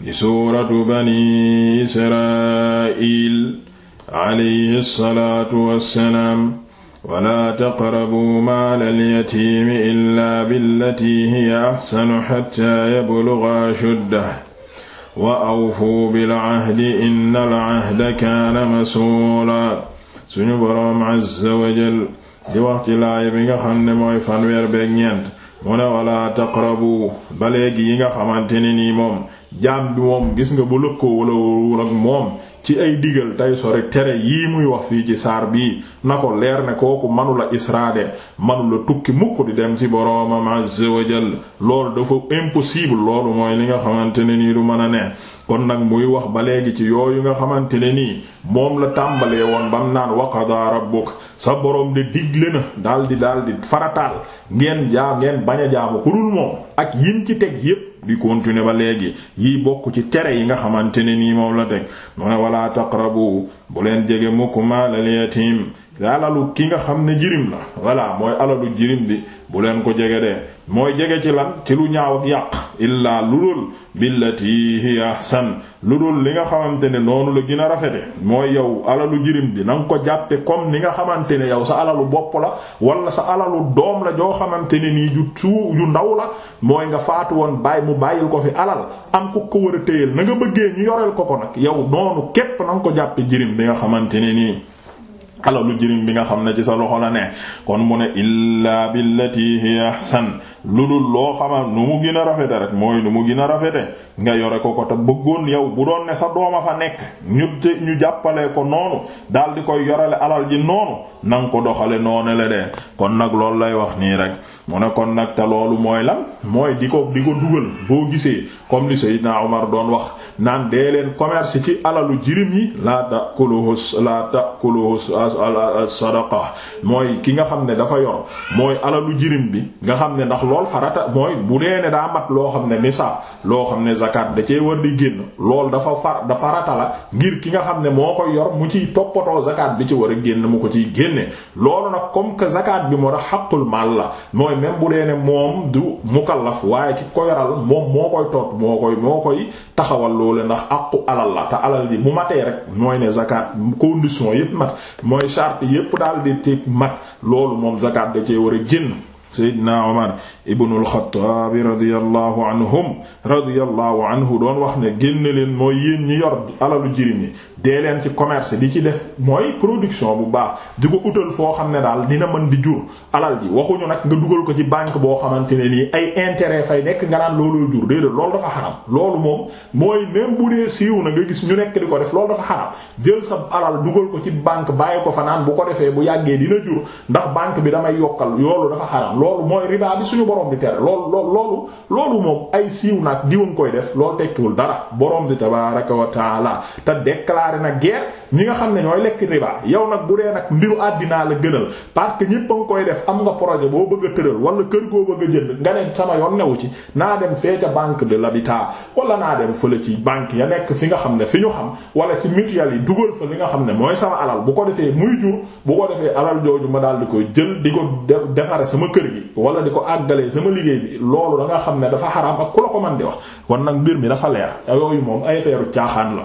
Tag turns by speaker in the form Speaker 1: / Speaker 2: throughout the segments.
Speaker 1: di suuratu bani israil alayhi salaatu wassalaam walaa taqrabuu maala alyatiimi illaa billatii hiya axsanu xattaa yabluga ashuddah wa awfuu bilcahdi inna alcahda kaana masuula suñu boroom azza wajal di wax ci laaya bi nga xam ne mooy fanweer beeg ñeent mu ne walaa taqrabu ba léegi yi nga xamante ne nii moom jaam bi moom gis nga bu lëkkoo wala wala ak moom ci ay digal tey rek tere yii muy wax fii ci saar bii na ko leer ne kooku manula israade manula tukki mukk di dem ci boroomam azza wa jall loolu dafa impossible loolu mooy li nga xamante ne nii du mën a ne kon nag muy wax ba léegi ci yooyu nga xamante ne nii moom la tàmbalee woon bam naan waqadaa rabbuk sa borom de digle na daldi daldi farataal ngeen jaam ngeen bañ a jaamu ku moom ak yim ci teg yépp di continuer ba léegi yii bokk ci tere yi nga xamante ne nii moom la teg mu ne walaa rabu bu leen jege mukk maalal yatiim alalu ki nga xam ne jirim la voilà mooy alalu jirim bi bu leen ko jege de mooy jege ci lan ci lu ñaaw ak yàq illaa lu dul billati hiya ahsan lu dul li nga xamante ne noonu la gën a rafete mooy yow alalu jirim bi na ko jàppe comme ni nga xamante ne yow sa alalu bopp la wala sa alalu doom la joo xamante ne nii ju suu ju ndaw la mooy nga faatu woon bàyyi mu bàyyil ko fi alal am ku ko war a téyal na nga bëggee ñu yoreel ko ko nag yow noonu képp na ko jàppe jirim bi nga xamante ne nii alalu jëriñ bi nga xam ne ci sa loxo la ne kon mu ne illaa billati hiya ahsan lu dul loo xama nu mu gën a rafete rek mooy nu mu gën a rafete nga yore ko ko te bëggoon yow bu doon ne sa dooma fa nekk ñu ñu jàppalee ko noonu dal di koy yorale alal ji noonu na ko doxale noonu la de kon nag loolu lay wax nii rek mu ne kon nag te loolu mooy lan mooy di ko di ko dugal boo gisee comme li Seydina Omar doon wax naan dee leen commerce ci alalu jirim yi laa sadaqa mooy ki nga xam ne dafa yor mooy alalu jirim bi nga xam ne ndax lool farata mooy bu dee ne daa mat loo xam ne nisaab loo xam ne zakat da cee war di génn lool dafa far dafa farata la ngir ki nga xam ne moo koy yor mu ci toppatoo zakat bi ci war a génn mu ko ciy génne loolu nag comme que zakat bi moo tax xaqul mal la mooy même bu dee ne moom du mukallaf waaye ki ko yoral moom moo koy toot moo koy moo koy taxawal loolu ndax aqu alal la te alal yi bu matee rek mooy ne zakat condition mooy charte yépp daal di ci mat loolu moom zakat da cee war a génn Seydina Omar ibn al-Khattab radiyallahu anhum radiyallahu anhu doon wax ne génn leen mooy yéen ñi yor alalu jirim yi dee leen ci commerce di ci def mooy production bu baax di ko utal foo xam ne daal dina mën di jur alal ji waxuñu nag nga dugal ko ci banque boo xamante ne nii ay intérêt fay nekk nga naan looloo jur déedéet loolu dafa xaram loolu moom mooy même bu dee siiw na nga gis ñu nekk di ko def loolu dafa xaram jël sa alal dugal ko ci banque bàyyi ko fa bu ko defee bu yàggee dina jur ndax banque bi damay yokkal yoolu loolu mooy riba bi suñu borom di tere loolu loolu loolu loolu moom ay siiw nag diwoon koy def loolu tekkiwul dara borom di tabaaraka wa taala te déclaré na guerre ñi nga xam ne ñooy lekk riba yow nag bu dee nag mbiru àddinaa la gënal parce que ñépp koy def am nga projet boo bëgg a tëral wala kër koo bëgg a jënd nga ne sama yoon newu ci naa dem fee ca banque de l'habitat wala naa dem fële ci banque ya nekk fi nga xam ne fi ñu xam wala ci mutuelle yi dugal fa li nga xam ne mooy sama alal bu ko defee muy jur bu ko ma daal di koy jël di ko defare sama kër gi wala di ko àggalee sama liggéey bi loolu da nga xam ne dafa xaraam ak ku la ko man di wax kon nag mbir mi dafa leer yooyu moom ay feeru caaxaan la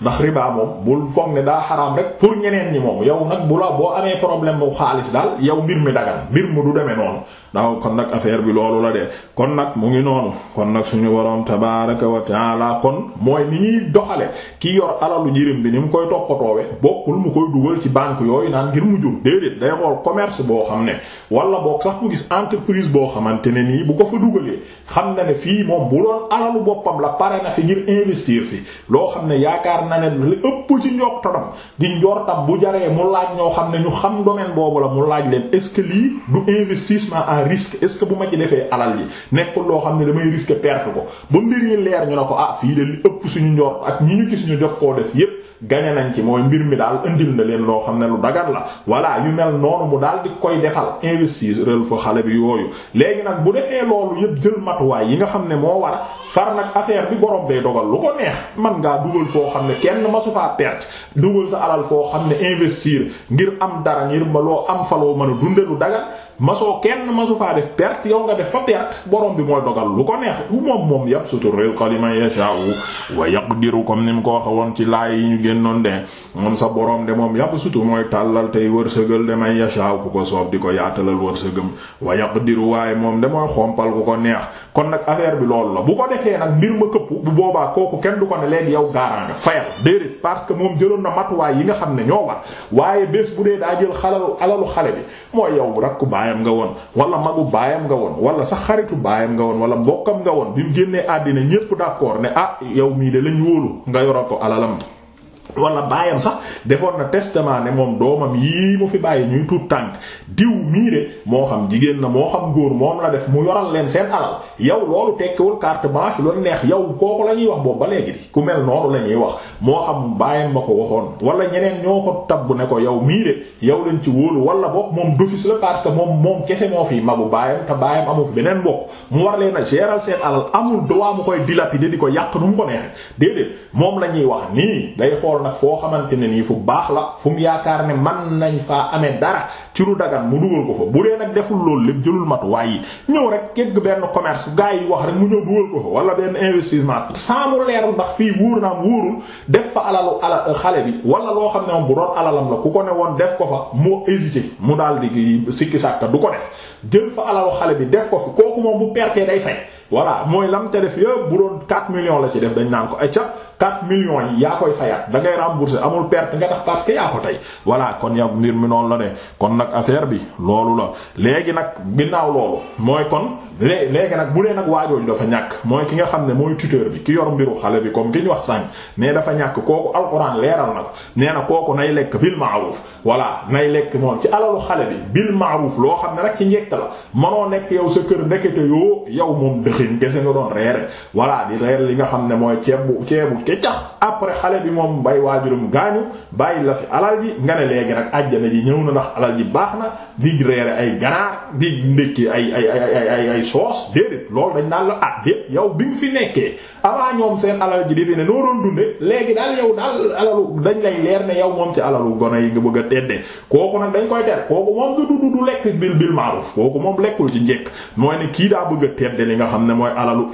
Speaker 1: ndax riba moom bul foog ne daa xaraam rek pour ñeneen ñi moom yow nag bu la boo amee problème mu xaalis daal yow mbir mi dagan mbir mu du demee noonu daaw kon nag affaire bi loolu la de kon nag mu ngi noonu kon nag suñu boroom tabaaraka wa taala kon mooy ni ñuy doxale ki yor alalu jirim bi ni mu koy toppatoowe bokkul mu koy dugal ci banque yooyu naan ngir mu jur déedéet day xool commerce boo xam ne wala boog sax mu gis entreprise boo xamante ne nii bu ko fa dugalee xam na ne fii moom bu doon alalu boppam la pare na fi ngir investir fi loo xam ne yaakaar na ne li ëpp ci njortam di njortam bu jaree mu laaj ñoo xam ne ñu xam domaine boobu la laaj leen à risque est-ce que bu ma ci defee alal yi nekkul loo xam ne damay risque perte ko ba mbir yi leer ñu ne ko ah fii de li ëpp suñu njort ak ñi ñu gis ñu jox koo def yépp gañe nañ ci mooy mbir mi daal indil na leen loo xam ne lu dagan la voilà yu mel noonu mu daal di koy defal investir rel fa xale bi yooyu léegi nag bu defee loolu yépp jël matuwaay yi nga xam ne moo war a far nag affaire bi borom bee dogal lu ko neex man ngaa dugal foo xam ne kenn masu faa perte dugal sa alal foo xam ne investir ngir am dara ngir ma loo am faloo mën a dunde lu dagan masoo kenn masu faa def perte yow nga def fa perte borom bi mooy dogal lu ko neex moom moom yabsutu rizqa liman yasha'u wa yaqdiru comme ni mu ko waxe woon ci laay yi ñu génnoon de moom sa borom de moom yabsutu mooy tàllal tey wërsëgal de man yasha'u ku ko soob di ko yaatalal wërsëgam wa yaqdiru waaye moom de mooy xompal ku ko neex kon nag affaire bi loolu la bu ko defee nag mbir ma këpp bu boobaa kooku kenn du ko ne léegi yow gaaraan nga fayal déedéet parce que moom jëloon na matuwaay yi nga xam ne ñoo war waaye bés bu dee daa jël xalalu alalu xale bi mooy yow rakk baay baayam nga woon wala magu baayam nga woon wala sa xaritu baayam nga woon wala mbokkam nga woon bi mu génnee àddina ñépp d'accord ne ah yow mii de lañ wóolu nga yoral ko alalam wala baayam sax defoon na testament ne moom doomam yii mu fi bàyyi ñuy tuut tànk diw miire moo xam jigéen na moo xam góor moom la def mu waral leen seen alal yow loolu tekkiwul carte blanche loolu neex yow kooku la ñuy wax boobu ba léegi di ku la ñuy wax moo xam baayam ma ko waxoon wala ñeneen ñoo ko tabb ne ko yow miire yow lañ ci wóolu wala boog moom d'office la parce que moom moom kese moo fi magu baayam te baayam amu fi beneen mbokk mu a géral seen alal amul droit mu koy dilapider di ko yàq nu mu ko neexee déedéet moom la ñuy wax nii day xool lool nag foo xamante ne nii fu baax la fu yaakaar ne man nañ faa amee dara ci lu dagan mu dugal ko fa bu dee nag deful loolu lépp jëlul matuwaay yi ñëw rek keg benn commerce gaa yi wax rek mu ñëw dugal ko fa wala benn investissement saamu mu leerul ndax fii wóor naam wóorul def fa alalu ala xale bi wala loo xam ne moom bu doon alalam la ku ko ne woon def ko fa mu hésité mu daal di sikki sàkka du ko def jël fa alalu xale bi def ko fi kooku moom bu perkee day fay voilà mooy lam te bu doon 4 millions la ci def dañ naan ko acca 4 millions yi yaa koy fayaat da ngay rembourser amul perte nga tax parce que yaa ko tey voilà kon ya mbir mi noonu la ne kon nag affaire bi loolu la léegi nag ginnaaw loolu mooy kon léegi nag bu dee nag waajooju dafa ñàkk mooy ki nga xam ne mooy tuteur bi ki yor mbiru xale bi comme ki ñu wax sànq mais dafa ñàkk kooku alxuraan leeral na nee na kooku nay lekk bil ma'ruf voilà nay lekk moom ci alalu xale bi bil ma'ruf loo xam ne nag ci njekk la mënoo nekk yow sa kër ndekete yoo yow moom dëxin gese nga doon reere voilà di reer li nga xam ne mooy ceebu ceebu keccax après xale bi moom bay waajurum gaañu bàyyi la fi alal ji nga ne léegi nag àjjana ji ñëw na ndax alal ji baax na di reere ay ganaar di ndekki ay ay ay ay soos déedéet loolu dañ naan la ah déet yow bi nga fi nekkee avant ñoom seen alal ji defe ne noo doon dunde léegi daal yow daal alalu dañ lay leer ne yow moom ci alalu gone yi nga bëgg a tedde kooku nag dañ koy tere kooku moom du du du lekk bil bil maaruf kooku moom lekkul ci njekk mooy ne kii daa bëgg a tedde li nga xam ne mooy alalu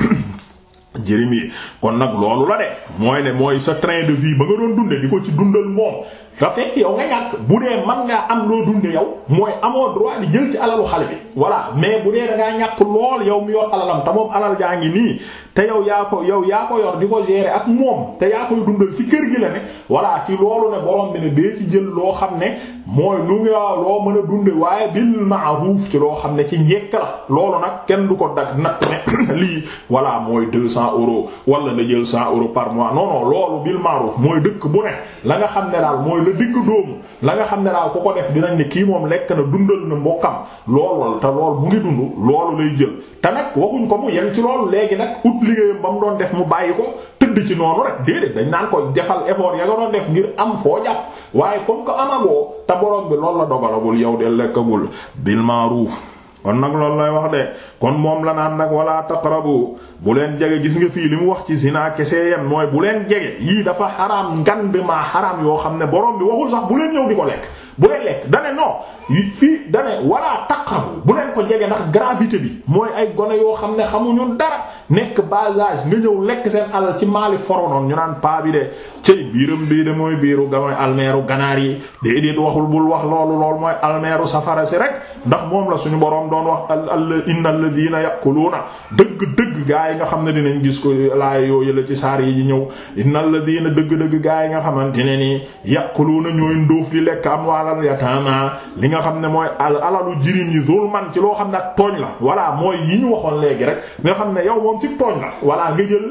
Speaker 1: jërim yi kon nag loolu la de mooy ne mooy sa train de vie ba nga doon dunde di ko ci dundal moom da fekk yow nga ñàkk bu dee man ngaa am loo dunde yow mooy amoo droit di jël ci alalu xale bi voilà mais bu dee da ngaa ñàkk lool yow mu yor alalam te moom alal jaa ngi nii te yow yaa ko yow yaa ko yor di ko gérer ak moom te yaa koy dundal ci kër gi la ne voilà ci loolu ne borom bi ne bee ci jël loo xam ne mooy lu nga loo mën a dunde waaye bil ma'ruf ci loo xam ne ci njekk la loolu nag kenn du ko dag nag ne lii voilà mooy deux cents euros wala na jël cent euros par mois non dëkk bu ne la nga la digg dóomu la nga xam ne daaw ku ko def dinañ ni kii moom lekk na dundal na mbokkam loolu te lool mu ngi dund loolu lay jël te nag waxuñ ko mu yem ci loolu léegi nag ut liggéeyam ba mu doon def mu bàyyi ko tëdd ci noonu rek déedéet dañ naan koy jafal effort ya nga doon def ngir am foo jàpp waaye comme que amagoo te borom bi loolu la dogalagul yow de lekkagul bil ma'ruf kon nag loolu lay wax de kon moom la naan nag wala taqrabu bu leen jege gis nga fii li mu wax ci sinaa kese yem mooy bu leen jege yii dafa xaraam ngan bi maa xaraam yoo xam ne borom bi waxul sax bu leen ñëw di ko lekk bu leen lekk dane non fii dane wala taqaru bu leen ko jege ndax gravité bi mooy ay gone yoo xam ne xamuñu dara nekk bas âge nga ñëw lekk seen alal ci maali foronoon ñu naan paa bi de cëy biiram bii de mooy biiru ga mooy almeeru ganaar yi déedéet waxul bul wax loolu lool mooy almeeru safara si rek ndax moom la suñu boroom doon wax al inna alladhina yaquluna dëgg gaa yi nga xam ne dinañ gis ko laay yooyu la ci saar yi ñëw la innal ladina dëgg-dëgg gaa yi nga xamante ne nii yàquluuna ñooy ndóof di lekk am amwaalal yataama li nga xam ne mooy alalu jirim yi man ci loo xam ne ak tooñ la voilà mooy yi ñu waxoon léegi rek nga xam ne yow moom si tooñ la voilà nga jël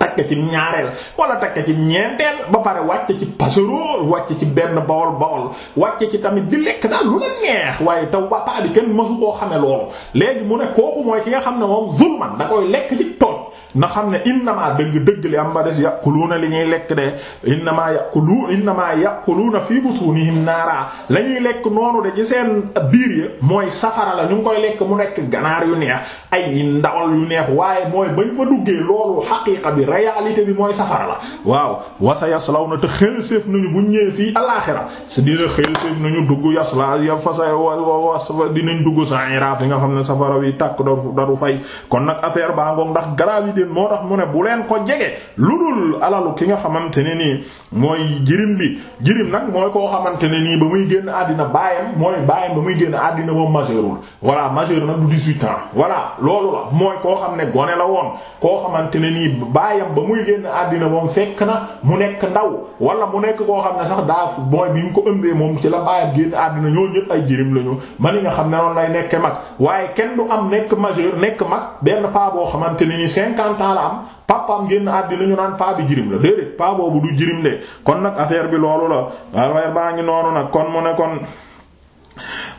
Speaker 1: takk ci ñaareel wala takk ci ñeenteel ba pare wàcc ci pasero wàcc ci benn bawol bawol wàcc ci tamit di lekk daal lu la neex waaye taw ba paa bi kenn mësu koo xamee loolu léegi mu ne kooku mooy ki nga xam ne moom zulman da koy lekk ci tool na xam ne innamaa dëgg dëgg li am ba des yàquluuna li ñuy lekk de innamaa yàqulu innamaa yàquluuna fii butuunihim naaraa la ñuy lekk noonu de ci seen biir ya mooy safara la ñu koy lekk mu nekk ganaar yu neex ay ndawal yu neex waaye mooy bañ fa duggee loolu xaqiiqa bi réalité bi mooy safara la waaw wasa yaslawna te xelséef nañu buñ ñëwee fii alaaxira si dina xelséef nañu dugg yasla ya fa sa wa dinañ sa iraaf yi nga xam ne safara wi tàkk daru fay kon nag affaire baa ngoog ndax gravité leen moo tax mu ne bu leen ko jege lu dul alalu ki nga xamante ne nii mooy jirim bi jirim nag mooy koo xamante ne nii ba muy génn àddina baayam mooy baayam ba muy génn àddina moom majeurul voilà majeur nag du 18 ans voilà loolu mooy koo xam ne gone la woon koo xamante ne nii baayam ba muy génn àddina moom fekk na mu nekk ndaw wala mu nekk koo xam ne sax daa mooy bi ñu ko ëndee moom ci la baayam génn àddina ñoo ñëpp ay jirim lañu man li nga xam ne noonu lay nekk mag waaye kenn du am nekk majeur nekk mag benn pa cinquante ans la am papaam génn àddina naan paa bi jirim la déedéet du jirim de kon nag affaire bi loolu la affaire baa ngi noonu nag kon mu ne kon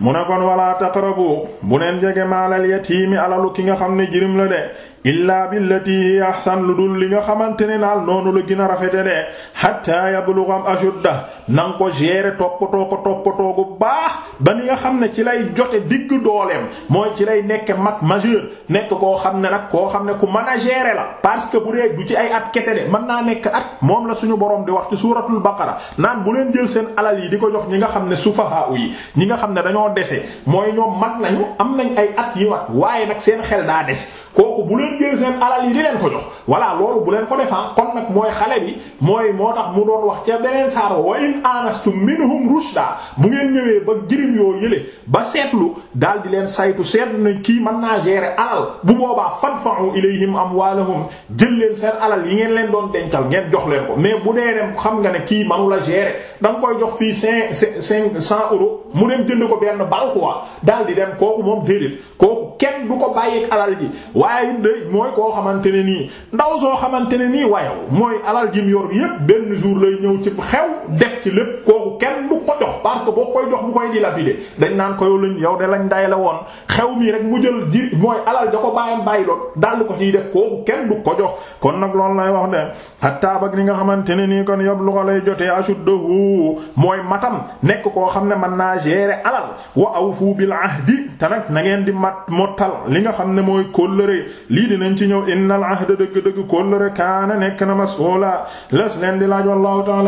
Speaker 1: mu ne kon wala taqrabu bu neen jege maalal yatiimi alalu ki nga xam ne jirim la de illaa billati hiya ahsan lu dul li nga xamante ne naal noonu la gën rafete de hatta yablugha ashudda nanga ko gérer toppatoo ko toppatoo bu baax ba ni nga xam ne ci lay jote digg dooleem mooy ci lay nekk mag majeur nekk koo xam ne nag koo xam ne ku mën a gérer la parce que bu dee du ci ay at kese de mën naa nekk at moom la suñu boroom di wax ci suuratul baqara naan bu leen jël seen alal yi di ko jox ñi nga xam ne sufaha yi ñi nga xam ne dañoo dese mooy ñoom mag nañu am nañ ay at yi wat waaye nag seen xel daa des kooku bu leen jël seen alal yi di leen ko jox voilà loolu bu leen ko defaa ah kon nag mooy xale bi mooy moo tax mu doon wax ca beneen saaro wa in anastum minhum rushda bu ngeen ñëwee ba lim yoo yële ba seetlu daal di leen saytu seetlu nañ kii mën naa gérer alal bu boobaa fadfa'u ilayhim amwaalahum jël leen seen alal yi ngeen leen doon dencal ngeen jox leen ko mais bu dee dem xam nga ne kii mënu la gérer da nga koy jox fii cinq cinq cent euros mu dem jënd ko benn bal quoi daal di dem kooku moom déedéet kooku kenn du ko bàyyeeg alal ji waaye it mooy koo xamante ne nii ndaw soo xamante ne nii waaye mooy alal ji mu yor yépp benn jour lay ñëw ci xew def ci lépp kooku kenn du ko jox que boo koy jox mu koy dilapider dañ naan ko lañ yow de lañ day la woon xew mii rek mu jël ji mooy alal da ko bàyyam bàyyi lool daal ko ciy def kooku kenn du ko jox kon nag loolu lay wax de hatta bak li nga xamante ne nii kon yob lu ko lay jotee ashuddahu mooy matam nekk koo xam ne mën naa gérer alal wa awfu bil ahdi te nag na ngeen di mat mottal li nga xam ne mooy kóllëre lii dinañ ci ñëw innal ahda dëgg-dëgg kóllëre kaana nekk na mas'ula les leen di laaj wallahu ta'ala